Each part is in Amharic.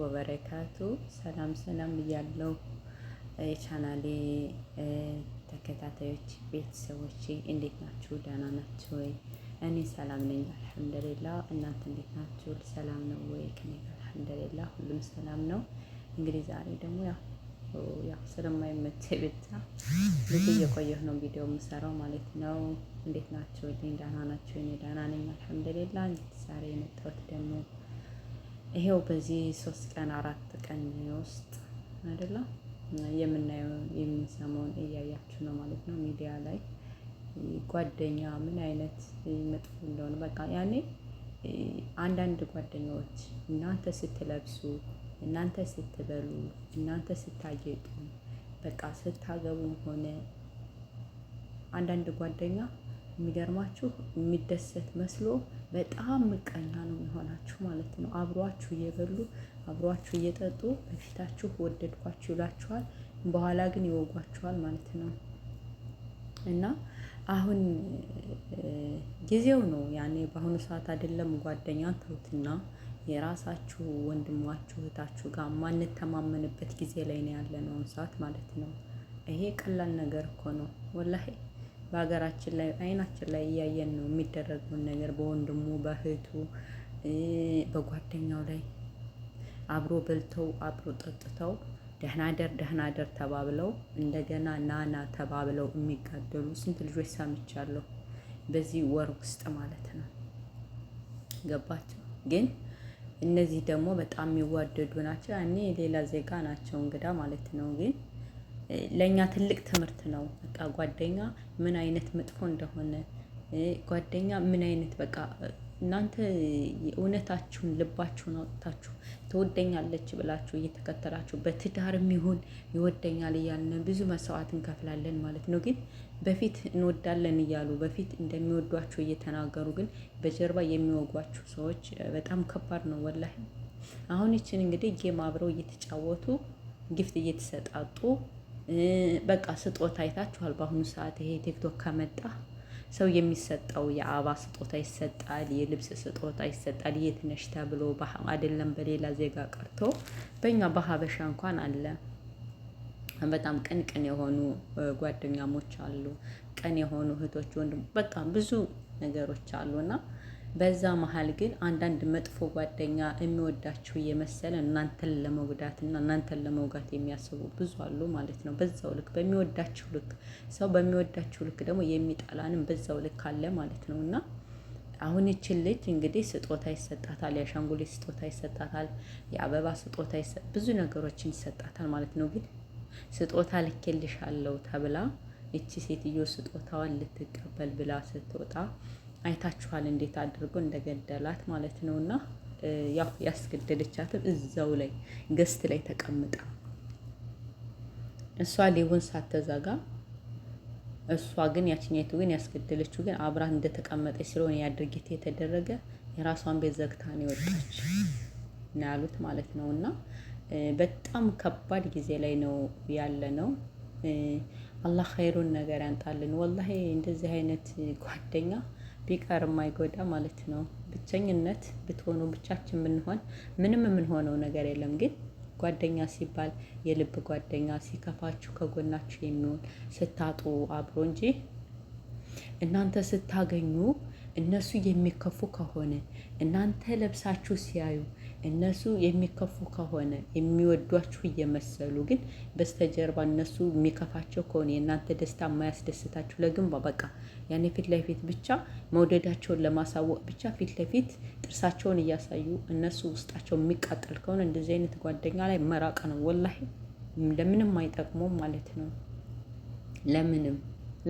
ወበረካቱ ሰላም ሰላም እያለው የቻናሌ ተከታታዮች ቤተሰቦች እንዴት ናችሁ? ደህና ናችሁ ወይ? እኔ ሰላም ነኝ አልሐምደሌላ። እናንተ እንዴት ናችሁ? ሰላም ነው ወይ? ከኔ ጋር አልሐምደሌላ ሁሉም ሰላም ነው። እንግዲህ ዛሬ ደግሞ ያው ስለማይመቼ ብቻ ልጅ እየቆየሁ ነው ቪዲዮ የምሰራው ማለት ነው። እንዴት ናችሁ? ደህና ናችሁ? እኔ ደህና ነኝ አልሐምደሌላ። እንግዲህ ዛሬ የመጣሁት ደግሞ ይሄው በዚህ ሶስት ቀን አራት ቀን ውስጥ አይደለም የምናየውን የምንሰማውን እያያችሁ ነው ማለት ነው። ሚዲያ ላይ ጓደኛ ምን አይነት መጥፎ እንደሆነ በቃ ያኔ አንዳንድ ጓደኛዎች እናንተ ስትለብሱ፣ እናንተ ስትበሉ፣ እናንተ ስታጌጡ፣ በቃ ስታገቡም ሆነ አንዳንድ ጓደኛ የሚገርማችሁ የሚደሰት መስሎ በጣም ምቀኛ ነው የሆናችሁ ማለት ነው። አብሯችሁ እየበሉ አብሯችሁ እየጠጡ በፊታችሁ ወደድኳችሁ ይላችኋል፣ በኋላ ግን ይወጓችኋል ማለት ነው። እና አሁን ጊዜው ነው ያኔ። በአሁኑ ሰዓት አይደለም ጓደኛ ተውትና የራሳችሁ ወንድሟችሁ እህታችሁ ጋር ማንተማመንበት ጊዜ ላይ ነው ያለነውን ሰዓት ማለት ነው። ይሄ ቀላል ነገር እኮ ነው ወላሄ። በሀገራችን ላይ አይናችን ላይ እያየን ነው የሚደረገውን ነገር በወንድሙ በእህቱ በጓደኛው ላይ አብሮ በልተው አብሮ ጠጥተው ደህና ደር ደህና ደር ተባብለው እንደገና ናና ተባብለው የሚጋደሉ ስንት ልጆች ሰምቻለሁ፣ በዚህ ወር ውስጥ ማለት ነው። ገባቸው ግን እነዚህ ደግሞ በጣም የሚዋደዱ ናቸው። ያኔ ሌላ ዜጋ ናቸው እንግዳ ማለት ነው ግን ለእኛ ትልቅ ትምህርት ነው። በቃ ጓደኛ ምን አይነት መጥፎ እንደሆነ ጓደኛ ምን አይነት በቃ እናንተ እውነታችሁን ልባችሁን አውጥታችሁ ትወደኛለች ብላችሁ እየተከተላችሁ በትዳር የሚሆን ይወደኛል እያልን ብዙ መስዋዕት እንከፍላለን ማለት ነው። ግን በፊት እንወዳለን እያሉ በፊት እንደሚወዷችሁ እየተናገሩ ግን በጀርባ የሚወጓችሁ ሰዎች በጣም ከባድ ነው ወላሂ። አሁን ይችን እንግዲህ ጌም አብረው እየተጫወቱ ጊፍት እየተሰጣጡ በቃ ስጦታ አይታችኋል። በአሁኑ ሰዓት ይሄ ቲክቶክ ከመጣ ሰው የሚሰጠው የአበባ ስጦታ ይሰጣል፣ የልብስ ስጦታ ይሰጣል። የት ነሽ ተብሎ አይደለም በሌላ ዜጋ ቀርቶ በእኛ በሀበሻ እንኳን አለ። በጣም ቅን ቅን የሆኑ ጓደኛሞች አሉ፣ ቅን የሆኑ እህቶች ወንድም፣ በቃ ብዙ ነገሮች አሉና በዛ መሀል ግን አንዳንድ መጥፎ ጓደኛ የሚወዳችሁ እየመሰለ እናንተን ለመጉዳት እና እናንተን ለመውጋት የሚያስቡ ብዙ አሉ ማለት ነው። በዛው ልክ በሚወዳችሁ ልክ ሰው በሚወዳችሁ ልክ ደግሞ የሚጠላንም በዛው ልክ አለ ማለት ነው እና አሁን ይችን ልጅ እንግዲህ ስጦታ ይሰጣታል፣ የአሻንጉሊት ስጦታ ይሰጣታል፣ የአበባ ስጦታ ብዙ ነገሮችን ይሰጣታል ማለት ነው። ግን ስጦታ ልኬልሻለሁ ተብላ ይቺ ሴትዮ ስጦታዋን ልትቀበል ብላ ስትወጣ አይታችኋል እንዴት አድርጎ እንደገደላት ማለት ነው። እና ያው ያስገደለቻትም እዛው ላይ ገስት ላይ ተቀምጣ እሷ ሌቡን ሳተዛጋ እሷ ግን ያችኛይቱ ግን ያስገደለችው ግን አብራት እንደተቀመጠች ስለሆነ ያድርጊት የተደረገ የራሷን ቤት ዘግታ ነው የወጣች ነው ያሉት ማለት ነው። እና በጣም ከባድ ጊዜ ላይ ነው ያለ ነው። አላህ ኸይሩን ነገር ያንጣልን። ወላሂ እንደዚህ አይነት ጓደኛ ቢቀር የማይጎዳ ማለት ነው። ብቸኝነት ብትሆኑ ብቻችን ብንሆን ምንም የምንሆነው ነገር የለም። ግን ጓደኛ ሲባል የልብ ጓደኛ ሲከፋችሁ ከጎናችሁ የሚሆን ስታጡ አብሮ እንጂ እናንተ ስታገኙ እነሱ የሚከፉ ከሆነ እናንተ ለብሳችሁ ሲያዩ እነሱ የሚከፉ ከሆነ የሚወዷችሁ እየመሰሉ ግን በስተጀርባ እነሱ የሚከፋቸው ከሆነ የእናንተ ደስታ የማያስደስታችሁ ለግንባ በቃ ያኔ ፊት ለፊት ብቻ መውደዳቸውን ለማሳወቅ ብቻ ፊት ለፊት ጥርሳቸውን እያሳዩ እነሱ ውስጣቸው የሚቃጠል ከሆነ እንደዚህ አይነት ጓደኛ ላይ መራቅ ነው። ወላሂ ለምንም አይጠቅሙም ማለት ነው። ለምንም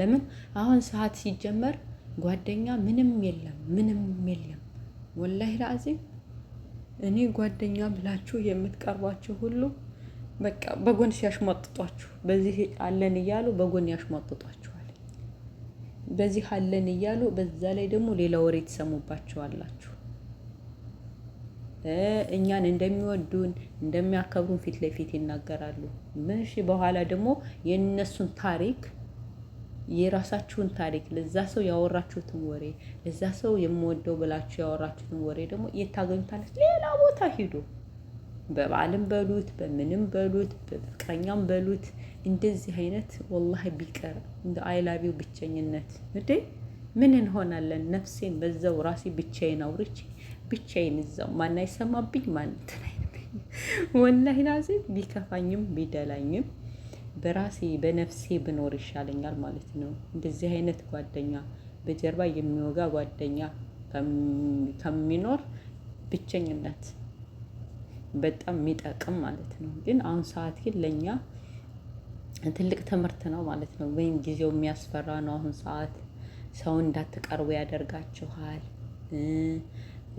ለምን አሁን ሰዓት ሲጀመር ጓደኛ ምንም የለም ምንም የለም ወላሂ ለአዚም እኔ ጓደኛ ብላችሁ የምትቀርቧቸው ሁሉ በቃ በጎን ሲያሽሟጥጧችሁ፣ በዚህ አለን እያሉ በጎን ያሽሟጥጧችኋል። በዚህ አለን እያሉ በዛ ላይ ደግሞ ሌላ ወሬ ትሰሙባችኋላችሁ። እኛን እንደሚወዱን እንደሚያከብሩን ፊት ለፊት ይናገራሉ። ምሽ በኋላ ደግሞ የእነሱን ታሪክ የራሳችሁን ታሪክ ለዛ ሰው ያወራችሁትን ወሬ ለዛ ሰው የምወደው ብላችሁ ያወራችሁትን ወሬ ደግሞ የታገኙታለች ሌላ ቦታ ሂዱ። በበዓልም በሉት በምንም በሉት በፍቅረኛም በሉት እንደዚህ አይነት ወላሂ ቢቀር እንደ አይላቢው ብቸኝነት እንዴ ምን እንሆናለን? ነፍሴን በዛው ራሴ ብቻዬን አውርቼ ብቻዬን እዛው ማን አይሰማብኝ ማን ወላሂ ናዚ ቢከፋኝም ቢደላኝም በራሴ በነፍሴ ብኖር ይሻለኛል ማለት ነው። እንደዚህ አይነት ጓደኛ በጀርባ የሚወጋ ጓደኛ ከሚኖር ብቸኝነት በጣም የሚጠቅም ማለት ነው። ግን አሁን ሰዓት ግን ለእኛ ትልቅ ትምህርት ነው ማለት ነው። ወይም ጊዜው የሚያስፈራ ነው። አሁን ሰዓት ሰው እንዳትቀርቡ ያደርጋችኋል።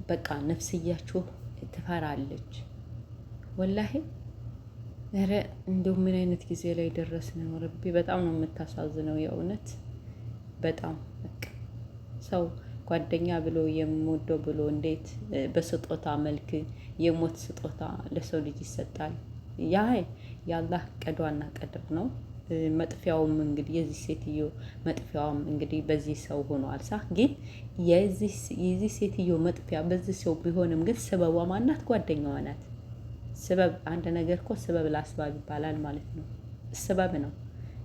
በቃ ነፍስያችሁ ትፈራለች ወላሄ ኧረ እንደው ምን አይነት ጊዜ ላይ ደረስ ነው በጣም ነው የምታሳዝነው የእውነት በጣም በቃ ሰው ጓደኛ ብሎ የምወደው ብሎ እንዴት በስጦታ መልክ የሞት ስጦታ ለሰው ልጅ ይሰጣል? ያ የአላህ ቀዷና ቀድር ነው። መጥፊያውም እንግዲህ የዚህ ሴትዮ መጥፊያውም እንግዲህ በዚህ ሰው ሆኗል። ሳ ግን የዚህ ሴትዮ መጥፊያ በዚህ ሰው ቢሆንም ግን ሰበቧ ማናት? ጓደኛዋ ናት። ስበብ አንድ ነገር እኮ ስበብ ለአስባብ ይባላል ማለት ነው። ስበብ ነው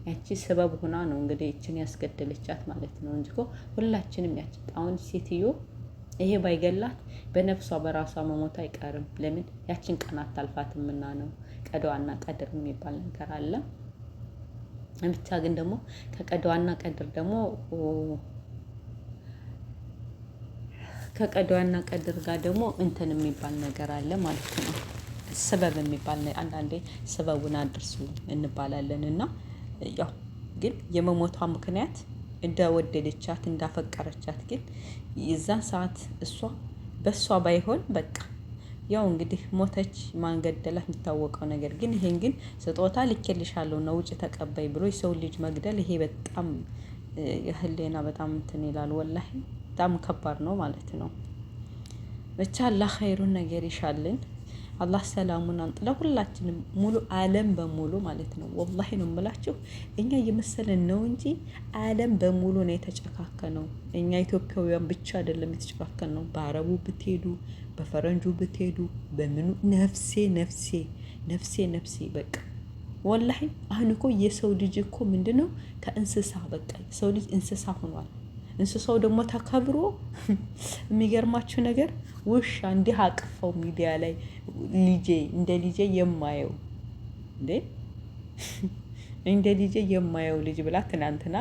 ያቺ ስበብ ሆና ነው እንግዲህ እችን ያስገደለቻት ማለት ነው እንጂ እኮ ሁላችንም ያቺ አሁን ሴትዮ ይሄ ባይገላት በነፍሷ በራሷ መሞት አይቀርም። ለምን ያችን ቀን ምና ነው። ቀደዋና ቀድር የሚባል ነገር አለ። ብቻ ግን ደግሞ ከቀደዋና ቀድር ደግሞ ከቀደዋና ቀድር ጋር ደግሞ እንትን የሚባል ነገር አለ ማለት ነው። ስበብ የሚባል አንዳንዴ ስበቡን አድርሱ እንባላለን እና ያው ግን የመሞቷ ምክንያት እንደወደደቻት እንዳፈቀረቻት ግን የዛን ሰዓት እሷ በእሷ ባይሆን በቃ ያው እንግዲህ ሞተች ማንገደላት የሚታወቀው ነገር ግን ይሄን ግን ስጦታ ልኬልሻለሁ ነው ውጭ ተቀባይ ብሎ የሰው ልጅ መግደል ይሄ በጣም የህሌና በጣም እንትን ይላል። ወላሂ በጣም ከባድ ነው ማለት ነው። ብቻ አላህ ኸይሩን ነገር ይሻልን። አላህ ሰላሙን አንጥለ ሁላችንም ሙሉ አለም በሙሉ ማለት ነው። ወላሂ ነው የምላችሁ እኛ እየመሰለን ነው እንጂ አለም በሙሉ ነው የተጨካከነው። እኛ ኢትዮጵያውያን ብቻ አይደለም የተጨካከነው። በአረቡ ብትሄዱ፣ በፈረንጁ ብትሄዱ፣ በምኑ ነፍሴ ነፍሴ ነፍሴ ነፍሴ በቃ ወላሂ አሁን እኮ የሰው ልጅ እኮ ምንድነው ከእንስሳ በቃ የሰው ልጅ እንስሳ ሆኗል። እንስሳው ደግሞ ተከብሮ የሚገርማችሁ ነገር ውሻ እንዲህ አቅፈው ሚዲያ ላይ ልጄ እንደ ልጄ የማየው እንዴ እንደ ልጄ የማየው ልጅ ብላ ትናንትና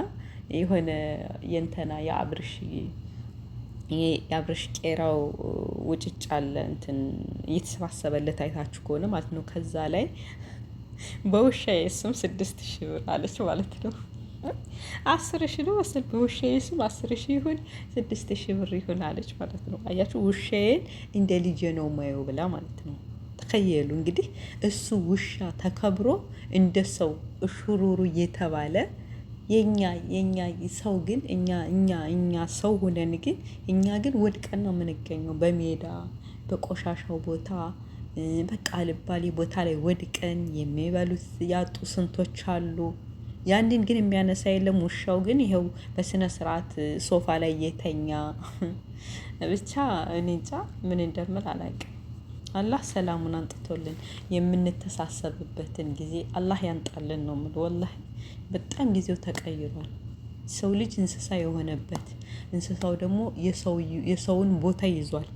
የሆነ የእንትና የአብርሽ የአብርሽ ቄራው ውጭጭ አለ እንትን እየተሰባሰበለት አይታችሁ ከሆነ ማለት ነው። ከዛ ላይ በውሻ የስም ስድስት ሺህ ብር አለች ማለት ነው። አስር ሺ ነው መሰል በውሻዬ ስም አስር ሺ ይሁን ስድስት ሺ ብር ይሁን አለች ማለት ነው። አያችሁ ውሻዬን እንደ ልጄ ነው ማየው ብላ ማለት ነው። ተከየሉ እንግዲህ እሱ ውሻ ተከብሮ እንደ ሰው እሹሩሩ እየተባለ የኛ የኛ ሰው ግን እኛ እኛ እኛ ሰው ሆነን ግን እኛ ግን ወድቀን ነው የምንገኘው በሜዳ በቆሻሻው ቦታ በቃ ልባሌ ቦታ ላይ ወድቀን የሚበሉት ያጡ ስንቶች አሉ። ያንን ግን የሚያነሳ የለም። ውሻው ግን ይኸው በስነ ስርዓት ሶፋ ላይ እየተኛ ብቻ እኔ እንጃ ምን እንደምል አላውቅም። አላህ ሰላሙን አንጥቶልን የምንተሳሰብበትን ጊዜ አላህ ያንጣልን ነው የምልህ። ወላሂ በጣም ጊዜው ተቀይሯል። ሰው ልጅ እንስሳ የሆነበት እንስሳው ደግሞ የሰውን ቦታ ይዟል።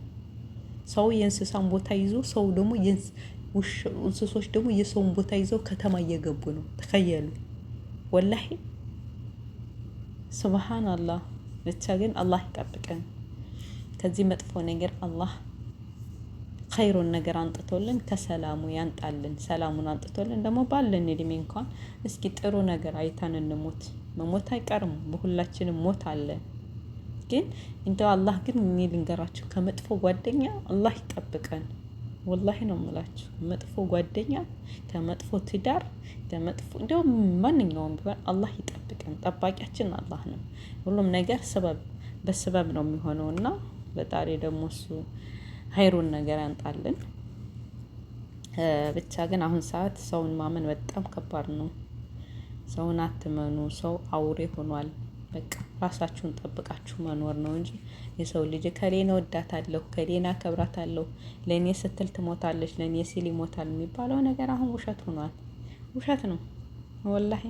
ሰው የእንስሳን ቦታ ይዞ ሰው ደግሞ እንስሶች ደግሞ የሰውን ቦታ ይዘው ከተማ እየገቡ ነው። ተከየሉ ወላሂ ስብሓን አላህ። ብቻ ግን አላህ ይጠብቀን ከዚህ መጥፎ ነገር። አላህ ኸይሩን ነገር አንጥቶልን ከሰላሙ ያንጣልን። ሰላሙን አንጥቶልን ደግሞ ባለን እድሜ እንኳን እስኪ ጥሩ ነገር አይተን እንሞት። መሞት አይቀርም፣ በሁላችንም ሞት አለ። ግን እንደው አላህ ግን እኔ ልንገራችሁ ከመጥፎ ጓደኛ አላህ ይጠብቀን። ወላሂ ነው የምላችሁ። መጥፎ ጓደኛ ከመጥፎ ትዳር ከመጥፎ እንዲሁም ማንኛውም ቢሆን አላህ ይጠብቀን። ጠባቂያችን አላህ ነው። ሁሉም ነገር ሰበብ በሰበብ ነው የሚሆነው እና በጣሪ ደግሞ እሱ ሀይሩን ነገር ያንጣልን። ብቻ ግን አሁን ሰዓት ሰውን ማመን በጣም ከባድ ነው። ሰውን አትመኑ። ሰው አውሬ ሆኗል። በቃ ራሳችሁን ጠብቃችሁ መኖር ነው እንጂ የሰው ልጅ ከሌን ወዳታለሁ ከሌን አከብራታለሁ ለእኔ ስትል ትሞታለች ለእኔ ሲል ይሞታል የሚባለው ነገር አሁን ውሸት ሆኗል። ውሸት ነው ወላሂ።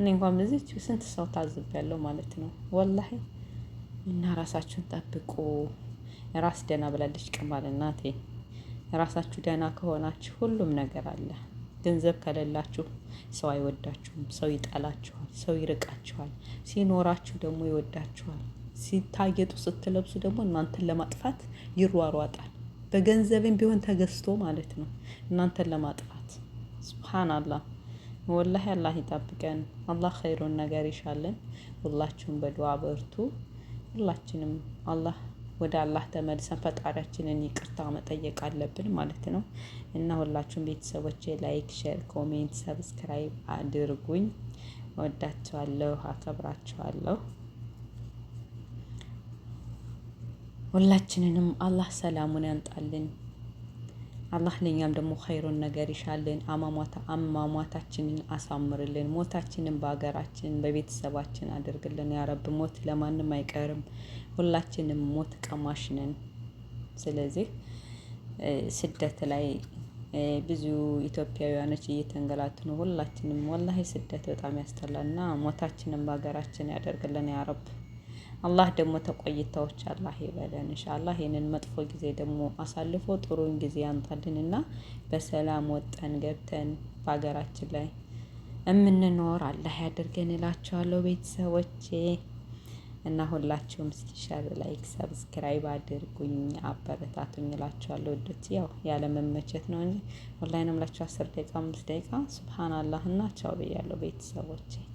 እኔ እንኳን በዚች ስንት ሰው ያለው ማለት ነው ወላሂ። እና ራሳችሁን ጠብቁ። ራስ ደህና ብላለች ቅማል እናቴ። ራሳችሁ ደህና ከሆናችሁ ሁሉም ነገር አለ። ገንዘብ ከሌላችሁ ሰው አይወዳችሁም። ሰው ይጠላችኋል። ሰው ይርቃችኋል። ሲኖራችሁ ደግሞ ይወዳችኋል። ሲታየጡ ስትለብሱ ደግሞ እናንተን ለማጥፋት ይሯሯጣል። በገንዘብም ቢሆን ተገዝቶ ማለት ነው እናንተን ለማጥፋት ሱብሃናላህ። ወላሂ አላህ ይጠብቀን። አላህ ኸይሩን ነገር ይሻለን። ሁላችሁም በዱዓ በርቱ። ሁላችንም አላህ ወደ አላህ ተመልሰን ፈጣሪያችንን ይቅርታ መጠየቅ አለብን ማለት ነው። እና ሁላችሁም ቤተሰቦች ላይክ፣ ሼር፣ ኮሜንት፣ ሰብስክራይብ አድርጉኝ። ወዳችኋለሁ፣ አከብራችኋለሁ። ሁላችንንም አላህ ሰላሙን ያንጣልን። አላህ ለእኛም ደግሞ ኸይሩን ነገር ይሻልን። አማሟታ አሳምርልን። ሞታችንን በሀገራችን በቤተሰባችን አድርግልን። ያረብ ሞት ለማንም አይቀርም። ሁላችንም ሞት ቀማሽ ነን። ስለዚህ ስደት ላይ ብዙ ኢትዮጵያውያኖች እየተንገላቱ ነው። ሁላችንም ወላሂ ስደት በጣም ያስጠላልና ሞታችንን በሀገራችን ያደርግልን ያረብ አላህ ደግሞ ተቆይታዎች አላህ ይበለን ኢንሻአላህ። ይህንን መጥፎ ጊዜ ደግሞ አሳልፎ ጥሩን ጊዜ ያንጣልንና በሰላም ወጠን ገብተን በሀገራችን ላይ እምንኖር አላህ ያድርገን እላችኋለሁ ቤተሰቦቼ። እና ሁላችሁም እስኪ ሸር፣ ላይክ፣ ሰብስክራይብ አድርጉኝ አበረታቱኝ እላችኋለሁ። ወዶች ያው ያለመመቸት ነው እንጂ ኦንላይን አምላችሁ አስር ደቂቃ አምስት ደቂቃ ሱብሃንአላህ እና ቻው ብያለሁ ቤተሰቦቼ።